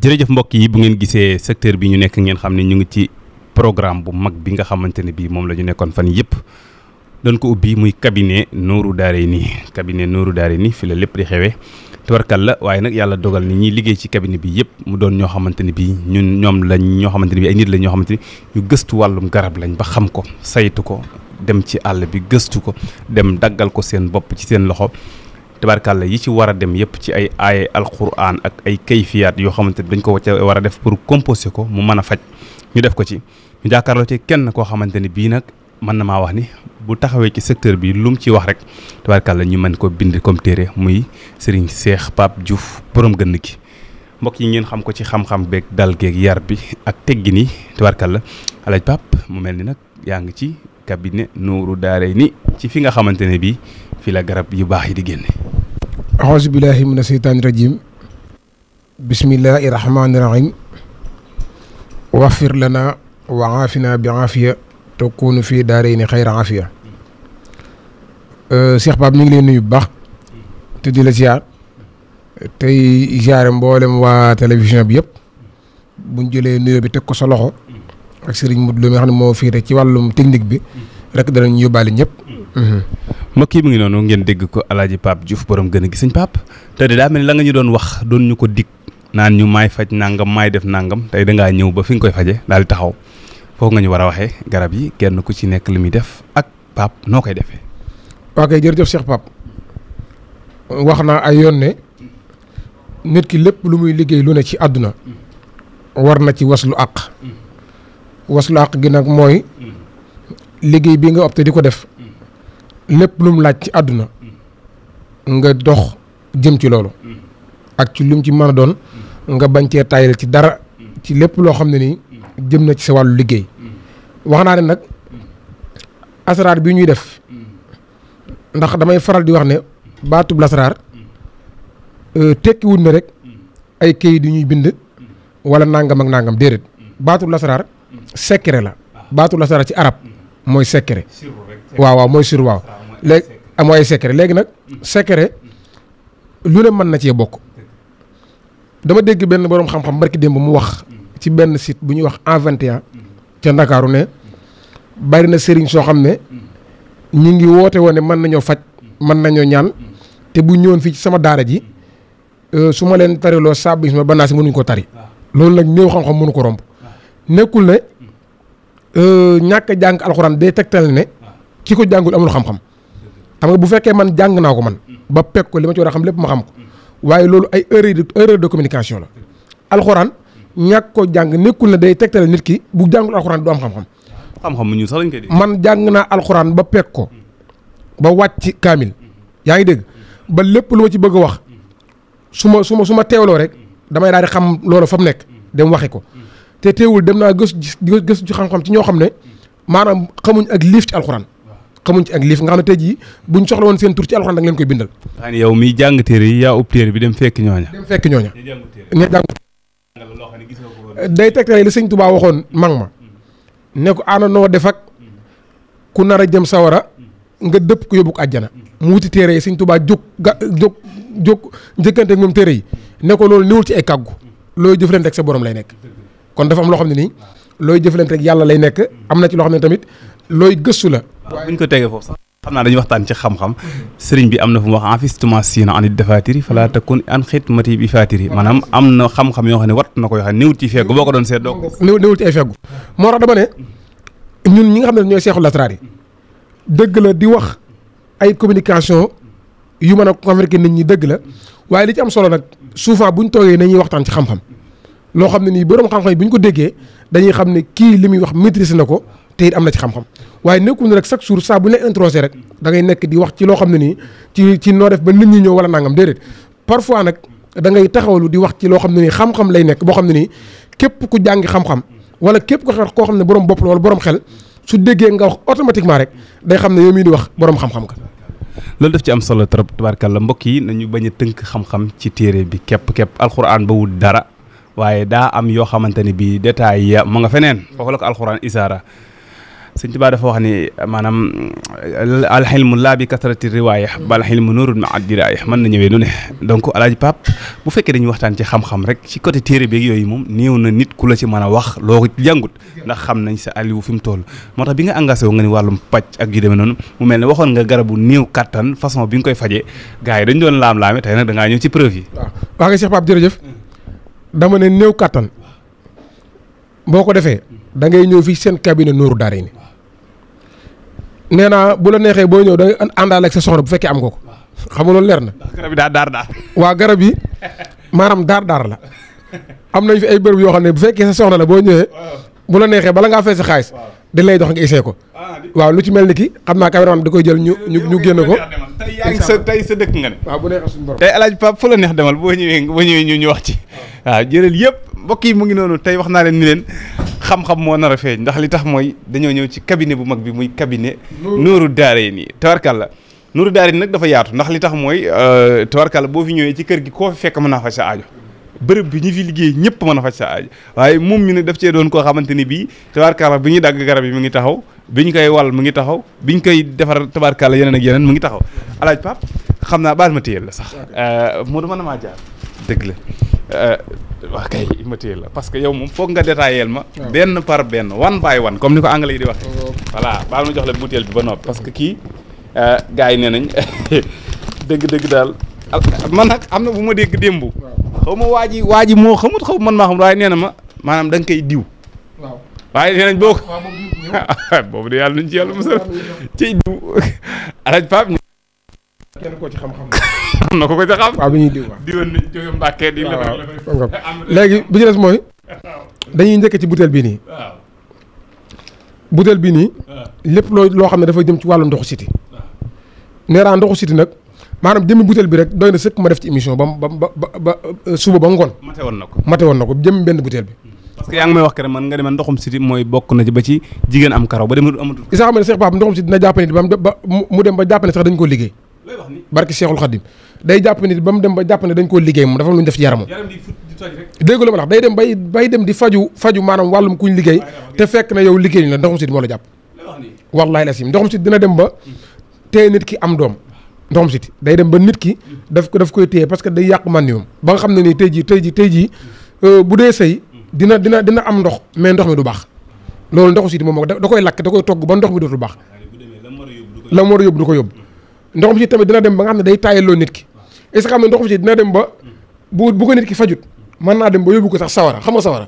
jërëjëf mbokk yi bu ngeen gisee secteur bi ñu nekk ngeen xam ne ñu ngi ci programme bu mag bi nga xamante ne bii moom la ñu nekkoon fan yëpp doon ko ubbi muy cabinet nii Darayni cabinet Nourou Darayni fi la lépp di xewee tubarkal la waaye nag yàlla dogal ni ñuy liggéey ci cabinet bi yëpp mu doon ñoo xamante ne bii ñun ñoom lañ ñoo xamante ne bii ay nit lañ ñoo xamante ni ñu gëstu wàllum garab lañ ba xam ko saytu ko dem ci àll bi gëstu ko dem daggal ko seen bopp ci loxo tabarkàlla yi ci war a dem yëpp ci ay ay alquran ak ay kayfiyaat yoo xamante dañ ko ca war a def pour composé ko mu mën a faj ñu def ko ci ñu jàkkaarloo ci kenn koo xamante ni bii nag mën na maa wax ni bu taxawee ci secteur bi lu mu ci wax rek tabarkàlla ñu mën ko bind comme téere muy Serigne Cheikh Pape Diouf boroom gënn gi mbokk yi ngeen xam ko ci xam-xam beeg dal geeg yar bi ak teggin yi tabarkàlla alaaj Pape mu mel ni nag yaa ngi ci cabinet Nourou Daarayni ci fi nga xamante ne bii fi la garab yu baax yi di génne axusu billahi min asheytaani rajim bismillahi rahmaani rahim wafir lana wa aafina bi aafiya takunu fii daarayni xayra aafiya euh, Cheikh Pape mi ngi leen nuyu bu baax te di la tey ziare mboolem waa télévision bi yëpp buñ jëlee nuyoo bi teg ko sa loxo ak Serigne Modou Lo xam ne moo fiite ci wàllum technique bi rek ñu yóbbaale ñëpp. Mm-hmm. mbokk yi mu ngi noonu ngeen dégg ko El Hadj Pape Diouf borom gën a gis sëñ Pape te de daa mel ni la nga ñu doon wax doon ñu ko dikk naan ñu maay faj nangam maay def nangam tey dangaa ñëw ba fi nga koy faje daal taxaw foofu nga ñu war a waxee garab yi kenn ku ci nekk li muy def ak Pape noo koy defee. waa kay jërëjëf seex Pape wax naa ay yoon ne nit ki lépp lu muy liggéey lu ne ci àdduna war na ci waslu àq mm-hmm. waslu àq gi nag mooy. Mm-hmm. liggéey bi nga opté di ko def lépp lum laaj ci àdduna nga dox jëm ci loolu ak ci lu ci mën a doon nga bañ cee tayal ci dara ci lépp loo xam ne nii jëm na ci sa wàllu liggéey wax naa ne nag asraar bi ñuy def ndax damay faral di wax ne baatub lasraar euh, tekkiwut na rek ay kayit yu ñuy bind wala nangam ak nangam déedéet baatub lasraar secret la baatub lasraar ci arab mooy secret. waaw waaw mooy sur waaw. léegi mooy secret léegi nag. secret lu ne mën na cee bokk. dama dégg benn boroom xam-xam barki démb mu wax. ci benn sit bu ñuy wax A21. ca Ndakaaru ne. bari na sëriñ soo xam ne. ñu ngi woote woon ne mën nañoo faj. mën nañoo ñaan. te bu ñëwoon fii ci sama daara ji. Euh, su ma leen tariloo saabu ba naa si mënuñ ko tari. Ah. loolu nag néew xam-xam mënu ko romb. Ah. nekkul ne. Euh, ñàkk a jàng alxuraan day tegtal ne ki ko jàngul amul xam-xam xam nga bu fekkee man jàng naa ko man ba peg ko li ma ci xam lépp ma xam ko waaye loolu ay erreur erreur de communication la alxuraan ñàkk ko jàng nekkul ne day tegtal nit ki bu jàngul alxuraan du am xam-xam. xam-xam sax lañ koy man jàng naa alxuraan ba pek ko ba wàcc kaamil yaa ngi dégg ba lépp lu ma ci bëgg a wax su ma su ma su ma teewloo rek damay daal di xam loolu fa mu nekk dem waxi ko. te teewul dem naa gëstu gëstu ci xam-xam ci ñoo xam ne maanaam xamuñ ak liif ci alxuraan xamuñ ci ak liif nga xam ne tey jii buñ soxla woon seen tur ci alxuraan da nga leen koy bindal. xanaa yow miy jàng téere yi yaa ub téere bi dem fekk ñooña. dem fekk ñooña. day tegtale li sëñ Tuubaa waxoon mag ma mm. ne ko ana noo def mm. ku nar a jëm sawara mm. nga dëpp ko yóbbu ko àjjana mu wuti téere yi sëñ Tuubaa jóg ga jóg jóg njëkkante moom téere yi nekko loolu niwul ci ay kàggu looy jëflante ak sa borom lay nekk kon dafa am loo xam ne nii looy jëflante rek yàlla lay nekk am na ci loo xam ne tamit looy gëstu la. waaw bu ñu ko tegee foofu sax xam naa dañuy waxtaan ci xam-xam sëriñ bi am na fu mu wax enfistuma siina anit defaatiri fala takun an am na xam-xam yoo xam ne wat na ko yoo xam ne néewul ci feggu boo ko doon seet doo ko néewul ci ne ñun ñi nga xam ne ñooy seexul lasraar yi dëgg la di wax ay communication yu mën a convaincre nit ñi dëgg la waaye li ci am solo nag souvent buñ toogee nañuy waxtaan ci xam-xam loo xam ne nii borom xam-xam yi bu ñu ko déggee dañuy xam ne kii li muy wax maîtrise na ko te it am na ci xam-xam waaye nekkul ne rek chaque jour saa bu ñu introsé rek da nekk di wax loo xam ne nii ci ci noo def ba nit ñi ñëw wala nangam déedéet parfois nag da ngay taxawalu di wax ci loo xam ne nii xam-xam lay nekk boo xam ne nii képp ku jàngi xam-xam wala képp ko koo xam ne borom bopp la wala borom xel su déggee nga wax automatiquement rek day xam ne yow mii di wax boroom xam-xam nga. loolu daf ci am solo trop tubaarkàlla mbokk yi nañu bañ a tënk xam ci téere bi képp képp alxuraan ba wut dara waaye daa am yoo xamante ni bii détails ya mu nga feneen foofu la ko alxuraan isaara sëñ Tuubaa dafa wax ni maanaam alxilmu laa bi kasrati riwaaya bal xilmu nuurun ma addiraaya mën na ñëwee nu ne donc alaaji Pape bu fekkee dañuy waxtaan ci xam-xam rek ci côté téere beeg yooyu moom néew na nit ku la ci mën a wax loo jàngut ndax xam nañ si aliwu fi mu toll moo tax bi nga engagé wu nga ni wàllum pàcc ak yu demee mu mel ne waxoon nga garabu néew kattan façon bi nga koy fajee gars yi dañ doon laam-laame tey nag ñëw ci preuve yi dama ne néew kattan boo ko defee dangay ñëw fii seen cabinet Nourou Darayni nee naa bu la neexee boo ñëw da nga àndaale ak sa soxna bu fekkee am ko ko xam nga loolu leer na. garab yi daar daa waa garab yi maanaam daar daar la am nañ fi ay bërëb yoo xam ne bu fekkee sa soxna la boo ñëwee bu la neexee bala ngaa fay a xaalis dañ lay dox nga essayé ko ah, waaw lu ci mel ni ki xam naa caméraman da koy jël ñu ñu ñu génn ko tey sa tey sa dëkk nga bu neexee tey alaaj Pape fu la neex demal boo ñëwee boo ñëwee ñu ñu wax ci waaw jëral yëpp mbokk yi mu ngi noonu tey wax naa leen ni leen xam-xam moo nar a feeñ ndax li tax mooy dañoo ñëw ci cabinet bu mag bi muy kabine cabinet Nourou Darayni tabarkàlla Nourou Darayni nag dafa yaatu ndax li tax mooy euh, tabarkàlla boo fi ñëwee ci kër gi koo fekk mën naa fa sa aajo bërëb bi ñu fi liggéey ñëpp mën a faj sa aaj waaye moom mi ne def cee doon koo xamante ni bii tabaarkaala bi ñuy dagg garab yi mu ngi taxaw bi ñu koy wal mu ngi taxaw bi ñu koy defar tabaarkaala yeneen ak yeneen mu ngi taxaw alaaj pap xam naa baal ma téyel la sax euh, moo du man a maa jaar dëgg la euh, waa kay ma téyel la parce que yow moom foog nga détailleel ma benn par benn one by one comme ni ko anglais yi di waxee voilà baal ma jox la butéel bi ba noppi parce que kii euh, yi nee nañ dëgg-dëgg Ah, man nag am na bu ma dégg démb. xaw ma waa ji waa ji moo xamut xaw man maa xamut waaye nee na ma maanaam da nga koy diw. waaw waaye nee nañ boo ko. boobu de yàlla nañ ci yàlla musal ciy diw ci xam am na ko ko ci ñuy diw léegi bi mooy. dañuy njëkk ci butéel bii nii. waaw. butéel nii. Ah. lépp loo loo xam ne dafa jëm ci wàllu ndoxu siti. Ah. neeraa ndoxu siti nag. maanaam jëmmi butéel bi rek doy na sëkk ma def ci émission ba ba ba euh, suba ba ngoon. mate woon na ko mate benn butéel bi. parce que yaa ngi may wax que man nga demee ndoxum siti mooy bokk na ci ba ci jigéen am karaw ba jàpp nit ba mu dem ba jàpp ne dañ koo liggéey. mu dem ba jàpp ne dañ di dem bay bay dem di faju faju maanaam wàllum kuñ liggéey te fekk na yow liggéey ñu la ndoxum siti moo la jàpp. wallahi la sim ndoxum siti dina dem ba hmm. te nit ki am doom ndoxam siti day dem ba nit ki daf ko daf koy téye parce que day yàq manium ba nga xam ne nii tey jii tey jii tey euh, bu dee sëy dina dina dina am ndox mais ndox mi du baax loolu ndoxu siti moom moo da koy lakk da koy togg ba ndox mi dootul baax la mu war a yóbbu du ko yóbbu ndoxam siti tamit dina dem ba nga xam ne day taayaloo nit ki est-ce que xam ne ndoxam siti dina dem ba bu bu ko nit ki fajut mën naa dem ba yóbbu ko sax sawara xam nga sawara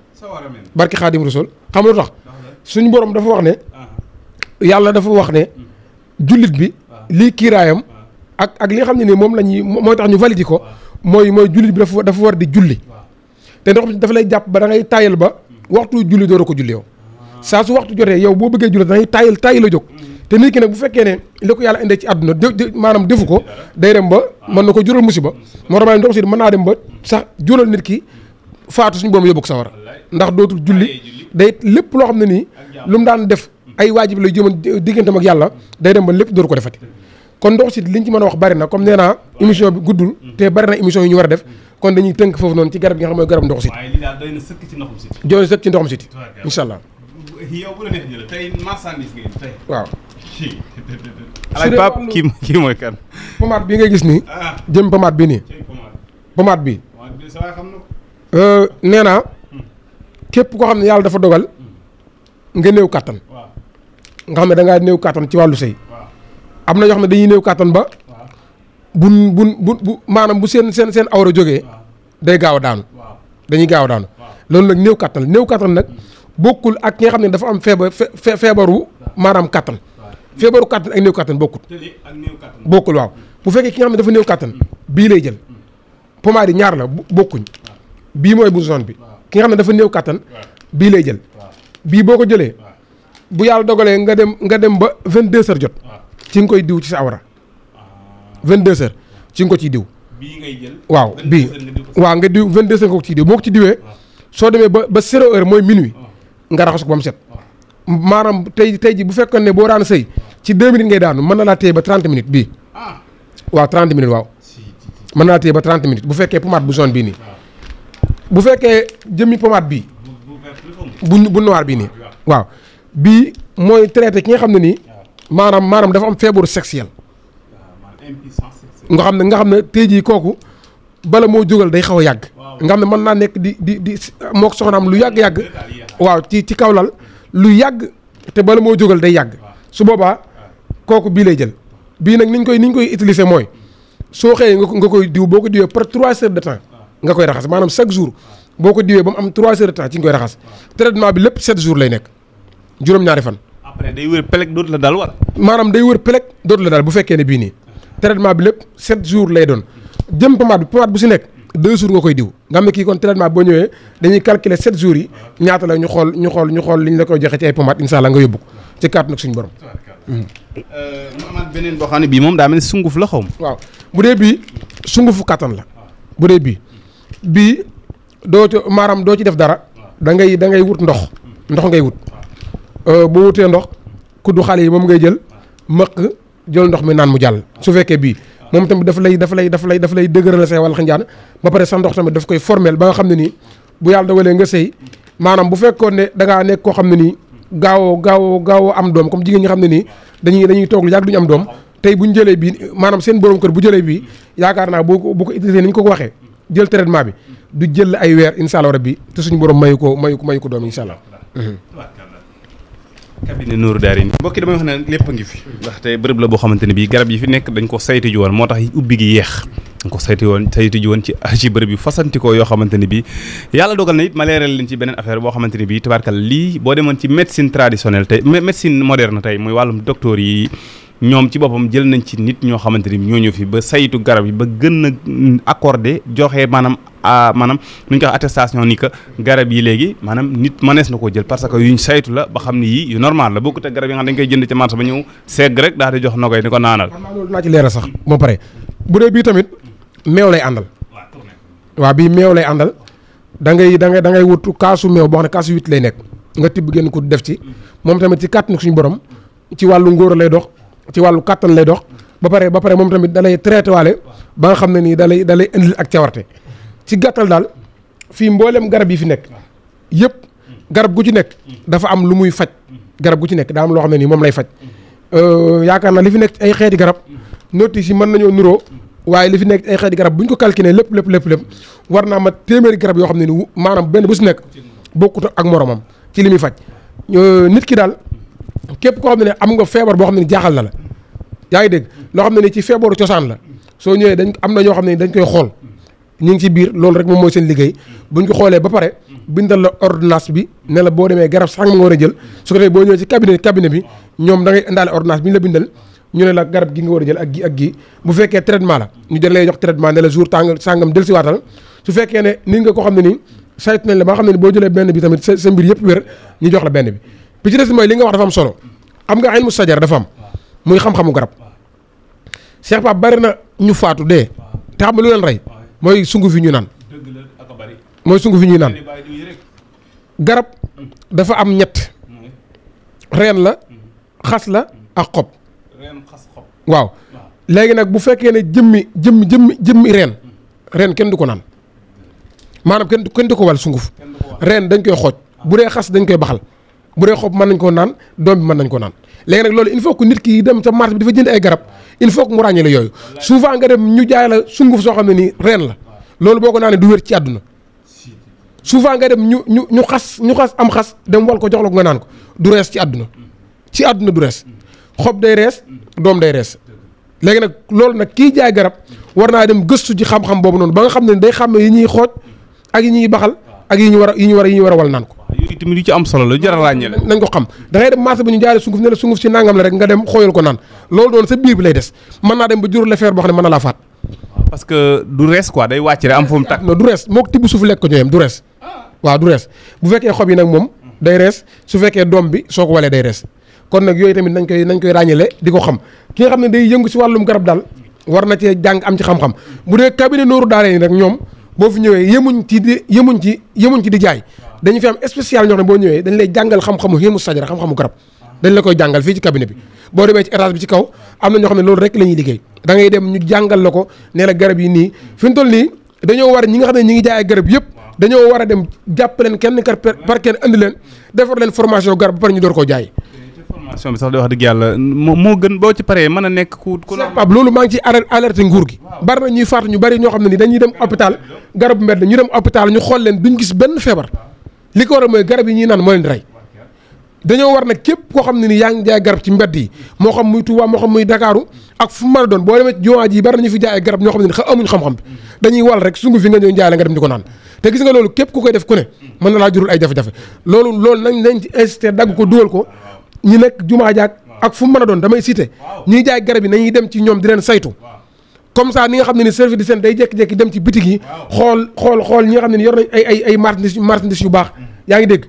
barki xaadim rasul xam lu tax suñu borom dafa wax ne ah. yàlla dafa wax ne hmm. jullit bi ah. kiiraayam ak ak li nga xam ne ni moom la ñuy mooy tax ñu validé ko mooy mooy jullit bi dafa dafa war di julli te ndox mi dafa lay jàpp ba da ngay tayal ba waxtu julli door ko julli yow saa su waxtu jotee yow boo bëggee julli da ngay tayal tayal a jóg te nit ki nag bu fekkee ne li ko yàlla indee ci àdduna maanaam defu ko day dem ba mën na ko jural musiba moo tax ma ne ndox naa dem ba sax jural nit ki faatu suñu boom yóbbu ko war ndax dootul julli day lépp loo xam ne nii lu mu daan def ay waajib lay jëman digganteem ak yàlla day dem ba lépp dooru ko defati kon ndox si liñ ci mën a wax bari na comme nee naa émission bi guddul te bari na émission yi ñu war a def kon dañuy tënk foofu noonu ci garab gi nga xam mooy garab ndox sit waaye li daal doy na tey marchandise waaw alaaj Pape kii kii mooy kan pommade bi ngay gis nii ah. jëm pommade bi nii pommade bi euh, nee naa hmm. képp koo xam ne yàlla dafa dogal hmm. nga néew kàttan nga xam ne da néew kàttan ci wàllu sëy am na ñoo xam ne dañuy néew kàttan ba. bun bun bu bu maanaam bu seen seen seen awra jógee. day gaaw a daanu. dañuy gaaw a daanu. loolu nag néew kàttan néew kàttan nag hmm. bokkul ak ki nga xam ne dafa am feebar feebaru maanaam kàttan. feebaru kàttan ak néew kàttan bokkul. Hmm. bu fekkee ki ne dafa néew kàttan bii lay jël pomade yi ñaar la bokkuñ bii mooy bu zone bi ki nga xam ne dafa néew kàttan hmm. bii lay jël bii boo ko jëlee bu yàlla dogalee nga dem nga dem ba vingt 22 ser jot ci nga koy diw ci sa awra. 22h ci nga ko ciy diw. bii jël. waaw bii waaw nga diw 22h nga ko ciy diw boo ko ci diwee. soo demee ba ba 0h mooy minuit. Ah. nga raxas ko ba set. Ah. maanaam tey tey ji bu fekkee ne boo daan sëy ci 2 minutes ngay daanu mën na laa téye ba 30 minutes bii. Ah. waaw 30 minutes waaw. mën na laa téye ba 30 minutes bu fekkee pommade bu sone bii nii. bu fekkee jëmmi pommade bii. bu bu noir bii nii. waaw bii mooy traité ki nga xam ne nii. maanaam maanaam dafa am feebaru sexuel nga xam ne nga xam ne tey jii kooku bala moo jógal day xaw a yàgg nga xam ne mën naa nekk di di moo mook soxnaam lu yàgg-yàgg waaw ci ci lal lu yàgg te bala moo jógal day yàgg su boobaa kooku bii lay jël bii nag niñ koy niñ koy utiliser mooy soo xëyee nga koy diw boo ko diwee par trois heures de temps nga koy raxas maanaam chaque jour boo ko diwee ba mu am trois heures de temps ci nga koy raxas traitement bi lépp sept jours lay nekk juróom-ñaari fan après day wër pelek dootu la daal war. maanaam day wër pelek dootu la daal bu fekkee ne bii nii traitement bi lépp sept jours lay doon jëm pommade bi pommade bu si nekk deux jours nga koy diw nga xam kii kon traitement boo ñëwee dañuy calculer sept jours yi ñaata la ñu xool ñu xool ñu xool li ñu la koy joxe ci ay pommade incha allah nga yóbbu ci kàttan euh, beneen boo xam bii moom daa mel ni sunguf la xaw waaw bu dee bii sungufu kattan la bu dee bii bii doo ci maanaam doo ci def dara da ngay da ngay wut ndox ndox ngay wut. Euh, boo wutee ndox kuddu xale yi moom ngay jël mëq jël ndox mi naan mu jàll su fekkee bii moom tamit daf lay daf lay daf lay daf lay dëgëral say wàll xinjaan ba pare sa ndox tamit daf koy formel ba nga xam ne nii bu yàlla dogalee nga sëy maanaam bu fekkoon ne dangaa ngaa nekk koo xam ne nii gaawoo gaawoo gaawoo am doom comme jigéen ñi xam ne nii dañuy dañuy toog lu yàgg duñu am doom tey bu ñu jëlee bii maanaam seen borom kër bu jëlee bii yaakaar naa bu ko bu ko utilisé ni ñu ko waxee jël traitement bi du jël ay weer incha allah te suñu borom mayu ko mayu ko mayu ko doom incha allah cabinet Nourou Darayni mbokki damay wax ne lépp ngi fi ndaxte bërëb la boo xamante ne bii garab yi fi nekk dañ ko saytu ji woon moo tax ubbi gi yeex dañ ko saytu woon saytu woon ci ci bërëb yu fasantikoo yoo xamante ne bii yàlla dogal na it ma leeral leen ci beneen affaire boo xamante ne bii tabaarkal lii boo demoon ci médecine traditionnelle tey médecine moderne tey muy wàllum docteur yi ñoom ci boppam jël nañ ci nit ñoo xamante bi ñoo ñëw fi ba saytu garab yi ba gën a accordé joxe maanaam ah, maanaam nu ñu attestation ni que garab yi léegi maanaam nit mënees na koo jël parce que yuñ saytu la ba xam ni yii yu normal la bokkut ak garab yi nga xam dañ koy jënd ci marché ba ñëw segg rek daal di jox nogay ni ko naanal. loolu dinaa ci leeral ba pare bu dee bii tamit meew lay àndal. waaw bii meew lay àndal da ngay da ngay da ngay wut kaasu meew boo xam ne kaasu huit nekk nga tibb génn ko def ci moom tamit ci kàttanu suñu borom ci wàllu ngóor lay dox ci wàllu kàttan lay dox ba pare ba pare moom tamit dalay traité waale ba nga xam ne nii dalay dalay indil ak cawarte ci gàttal daal fii mboolem garab yi fi nekk yëpp garab gu ci nekk dafa am lu muy faj garab gu ci nekk daa loo xam ne nii moom lay faj euh, yaakaar naa li fi nekk ay xeeti garab notice si mën nañoo nuroo waaye li fi nekk ay xeeti garab bu ñu ko calculé lépp lépp lépp lépp war naa ma téeméeri garab yoo xam ne ni maanaam benn bu si nekk bokkut ak moroomam ci li muy faj euh, nit ki daal képp koo xam ne ne am nga feebar boo xam ne jaaxal na la yaa ngi dégg loo xam ne ni ci feebaru cosaan la soo ñëwee dañ am na ñoo xam ne dañ koy xool ñu ngi ci biir loolu rek moom mooy seen liggéey buñ ko xoolee ba pare bindal la ordonnance bi ne la boo demee garab sax nga war a jël su ko defee ci cabinet cabinet bi ñoom da ngay indaale ordonnance bi ñu ne la garab gi nga jël ak gi ak gi bu fekkee traitement la ñu dañ lay jox traitement ne la jour tàng sàngam jël fekkee ne nit nga ko xam ne nii saytu nañ la xam ne ni boo jëlee benn bi tamit sa sa mbir yëpp wér ñu jox la benn bi bi ci des mooy li nga wax dafa am solo am nga ilmu sajar dafa am muy xam-xamu garab Cheikh Pape bari na ñu faatu dee te xam nga lu leen rey mooy sunguf fi ñu naan mooy sungu fi ñuy naan garab dafa am ñett reen la mm-hmm. xas la ak xob waaw léegi nag bu fekkee ne jëmmi jëmmi jëmmi jëmmi reen mm-hmm. reen kenn du ko naan maanaam kenn kenn du ko wal sunguf reen dañ koy xooj ah. bu dee xas dañ koy baxal bu dee xob mën nañ koo naan doom bi mën nañ ko naan léegi nag loolu il faut que nit ki dem ca marché bi dafa jënd ay garab il faut que mu ràññee la yooyu souvent nga dem ñu jaay la sunguf soo xam ne nii reen la loolu boo ko naanee du wér ci àdduna souvent nga dem ñu ñu ñu xas ñu xas am xas dem wal ko jox la ko nga naan ko du rees ci àdduna ci àdduna du rees xob day rees doom day rees léegi nag loolu nag kii jaay garab war naa dem gëstu ji xam-xam boobu noonu ba nga xam ne day xàmme yi ñuy xooj ak yi ñuy baxal ak yi ñu war a ñu war ñu war naan ko yooyu tamit yu ci am solo la jar a ràññeele nañ ko xam da ngay dem marché bi ñu jaaree sunguf ne la sunguf si nangam la rek nga dem xooyal ko naan loolu doon sa biir bi lay des mën naa dem ba jural feer boo xam ne na laa parce que du res quoi day wàcc rek am fu mu tàkk non du moo ko tibb suuf lekk ko ñooyam du res waaw bu fekkee xob yi nag moom day rees su fekkee doom bi soo ko walee day rees kon nag yooyu tamit nañ koy nañ koy ràññale di ko xam ki nga xam ne day yëngu si wàllum garab daal war na cee jàng am ci xam-xam bu dee cabinet nooru daara yi nag ñoom boo fi ñëwee yemuñ ci di yemuñ ci yemuñ ci di jaay dañu fi am spécial ñoo xam ne boo ñëwee dañ lay jàngal xam-xamu xiimu sajara xam-xamu garab dañ la koy jàngal fii ci cabinet bi boo demee ci étage bi ci kaw am na ñoo xam ne loolu rek la ñuy liggéey da ngay dem ñu la ko nee la garab yi nii fi mu toll nii dañoo war ñi nga xam ne ñi ngi jaay garab yëpp dañoo war leen kenn kar par kenn andi leen defar leen formation garab ba ñu door koo jaay formation bi wax dëgg yàlla moo gën boo ci paree mën a nekk ku ku Pape loolu maa ngi ci alerté nguur gi bari na ñuy faatu ñu bari ñoo xam ne ni dañuy dem hôpital garab mbedd ñu dem hôpital ñu xool leen duñ gis benn feebar li ko war a mooy garab yi ñuy naan mooy leen di rey dañoo war nag képp koo xam ne ni yaa ngi jaay garab ci mbedd yi moo xam muy Touba moo xam muy Dakaaru ak fu mu mën a doon boo demee ci ji bari nañu fi jaay garab ñoo xam ne ni amuñ xam-xam bi dañuy rek sungu fi nga ñëw jaay la nga ko naan te gis nga loolu képp ku def ku ne mën na laa jurul ay jafe loolu nañ nañ ci insisté ko dugal ko ñi nekk jumaa jaak ak fu mën a doon damay cité ñuy jaay garab yi nañuy dem ci ñoom di leen saytu comme ça ni nga xam ne ni service d'hygiène day jékki-jékki dem ci bitig yi xool xool xool ñi nga xam ne yor nañ ay ay ay yu baax mm-hmm. yaa ngi dégg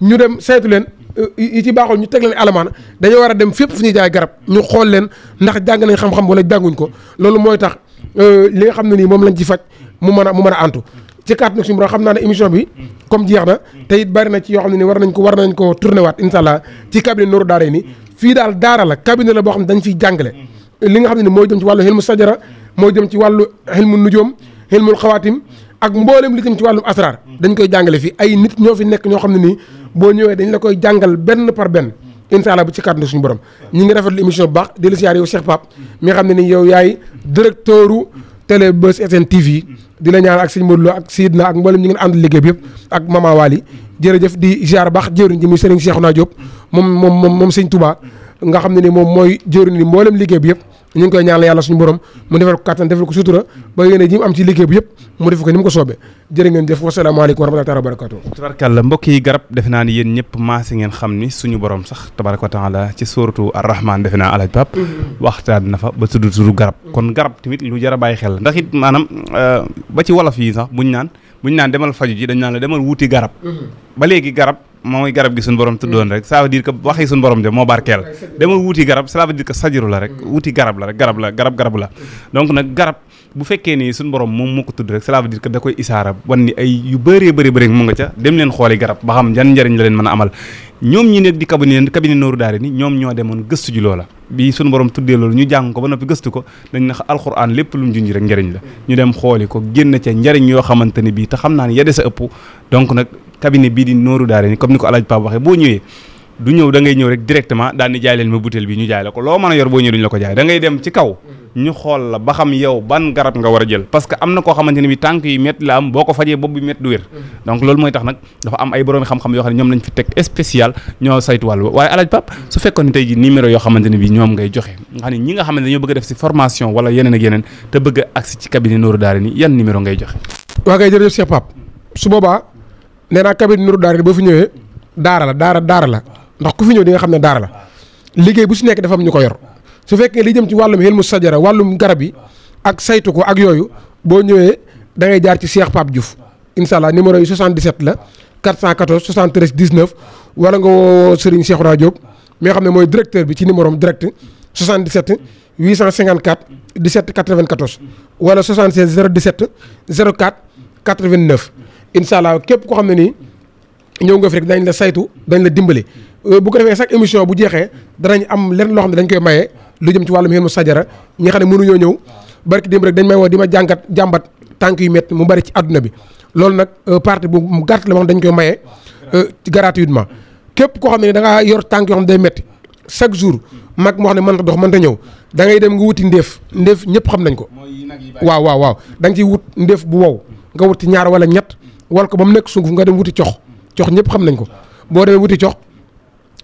ñu dem saytu leen euh, yi ci baaxul ñu teg leen alamaan dañoo war a dem fépp fu ñuy jaay garab ñu xool leen ndax jàng nañ xam-xam wala jànguñ ko loolu mooy tax euh, li nga xam ne nii moom lañ ci faj mu mën a mu mën antu ci kaat nag suñu xam naa ne émission bi mm-hmm. comme jeex na te bari na ci yoo xam ne ni war nañ ko war nañ ko tourné waat incha allah ci cabinet Nourou Daarayni mm-hmm. fii daal daara xam ne dañ fiy jàngale li nga xam ne ni mooy jëm ci wàllu xel moo jëm ci wàllu xilmul nujoom xilmul xawaatim ak mboolem li jëm ci wàllum asraar dañ koy jàngale fi ay nit ñoo fi nekk ñoo xam ne nii boo ñëwee dañ la koy jàngal benn par benn incha allah bu ci kàttan suñu borom ñi ngi rafetlu émission bu baax di la siyaar yow Cheikh Pape mi nga xam ne ni yow yaay directeur u télé Buzz yi TV di la ñaan ak sëñ Modou Lo ak Sidna ak mboolem ñi ngeen ànd liggéey bi yëpp ak Mama Wali jërëjëf di ziar baax jëwriñ ji muy Serigne Cheikhouna Diop moom moom moom moom sëñ Touba nga xam ne ni moom mooy jëwriñ ni mboolem liggéey bi yëpp ñu ngi koy ñaanal yàlla suñu borom mu defal ko kàttan defal ko sutura ba yéene ji mu am ci liggéey bu yëpp mu def ko ni mu ko soobee jërë ngeen jëf wasalaamaaleykum wa rahmatullahi wa barakatu ñëpp maasi ngeen xam ni suñu borom sax tabaraka wa taala ci suratu arrahman defe naa alaj pap mm-hmm. waxtaan na fa ba tudd tudd garab mm-hmm. kon garab tamit lu jar a bàyyi xel ndax it maanaam euh, ba ci wolof yi sax buñ naan buñ naan demal faju ji dañ naan la demal wuti garab mm-hmm. ba léegi garab mooy garab gi suñu borom tuddoon rek ça veut dire que waxi suñu moo barkeel dama wuti garab ça veut dire que sajiru la rek wuti garab la rek garab la garab la donc nag garab bu fekkee ni suñu borom moom moo ko tudd rek ça veut dire da koy isaara wan ni ay yu bëree mu nga ca dem leen xooli garab ba xam jan njëriñ la leen mën a amal ñoom ñi nekk di cabinet cabinet nooru daari ni ñoom ñoo demoon gëstu ji loola bi suñu borom tuddee loolu ñu jàng ko ba noppi gëstu ko dañ nax alxuraan lépp lu mu junj rek njariñ la ñu dem xooli ko génn ca njëriñ yoo xamante ne bii te xam naa ne ya des a ëpp donc cabinet bii di nooru daare ni comme ni ko alaaj Pape waxee boo ñëwee du ñëw da ñëw rek directement daal di ma butéel bi ñu jaay ko loo mën a yor boo ñëwee duñu la ko jaay da dem ci kaw ñu xool la ba xam yow ban garab nga war a jël parce am na koo xamante ne bi tànk yu métti la am boo ko fajee am ay ne ñoom ñoom ngay joxe nga xam ne ñi nga ne ñoo bëgg a def si a su boobaa nee naa cabinet Nourou Daara boo fi ñëwee daara la daara daara la ndax ku fi ñëw di nga xam ne daara la liggéey bu si nekk dafa ñu ko yor su fekkee li jëm ci wàllum xel mu sajara wàllum garab yi ak saytu ko ak yooyu boo ñëwee da ngay jaar ci Cheikh Pape Diouf incha allah numéro yi 77 la 414 73 19 wala nga woo Serigne Cheikh Oudar Diop mi nga xam ne mooy directeur bi ci numéro am direct 77 854 17 94 wala 76 017 04 89. incha allah képp koo xam ne nii ñëw nga fi rek dañ la saytu dañ la dimbali euh, bu ko defee chaque émission bu jeexee danañ am lenn loo xam ne dañ koy maye lu jëm ci wàllu xel mu sajara ñi xam ne mënuñoo ñëw barki démb rek dañ may woo di ma jàngat jàmbat tànk yu métti mu bari ci àdduna bi loolu nag euh, partie bu mu gàtt la wax dañ koy maye euh, gratuitement képp koo xam ne da yor tànk yoo xam day métti chaque jour mag moo xam ne mën ta dox mën ta ñëw da ngay dem nga wuti ndéef ndéef ñëpp xam nañ ko waaw waaw waaw da nga ciy wut ndéef bu wow nga wut ñaar wala ñett wal ko ba mu nekk sunguf nga dem wuti cox cox ñëpp xam nañ ko boo demee wuti cox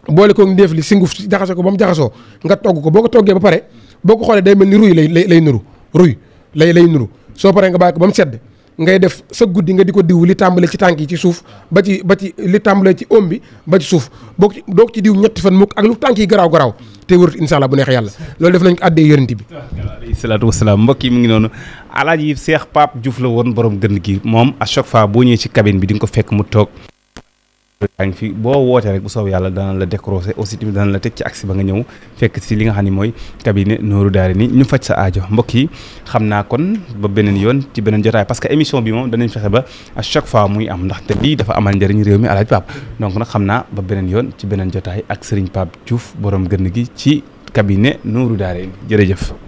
boole koog ndéef li singuf jaxase ko ba mu jaxasoo nga togg ko boo ko toggee ba pare boo ko xoolee day mel ni ruy lay lay nuru ruy lay lay nuru soo paree nga bàyyi ko ba mu sedd ngay def sa guddi nga di ko diw li tàmbale ci tànk yi ci suuf ba ci ba ci li tàmbale ci oom bi ba ci suuf boo ko ci doo ci diw ñetti fan mukk ak lu tànk yi garaaw garaaw te wërut incha allah bu neex yàlla loolu def nañ ko àddee yonent bi. waaw alayhi mbokk yi mu ngi noonu. alaaji Seex Pape Diouf la woon borom gën gi moom à chaque fois boo ñëwee ci cabine bi di nga ko fekk mu toog yaa ngi boo wootee rek bu soob yàlla dana la décroché aussi tamit dana la teg ci aksi ba nga ñëw fekk si li nga xam ne mooy cabinet Nourou Darayni ñu faj sa aajo mbokk yi xam naa kon ba beneen yoon ci beneen jotaay parce que émission bi moom danañ fexe ba à chaque fois muy am ndaxte lii dafa amal njëriñ réew mi alaaji Pape donc nag xam naa ba beneen yoon ci beneen jotaay ak Serigne Pape Diouf borom gën gi ci cabinet Nourou Darayni jërëjëf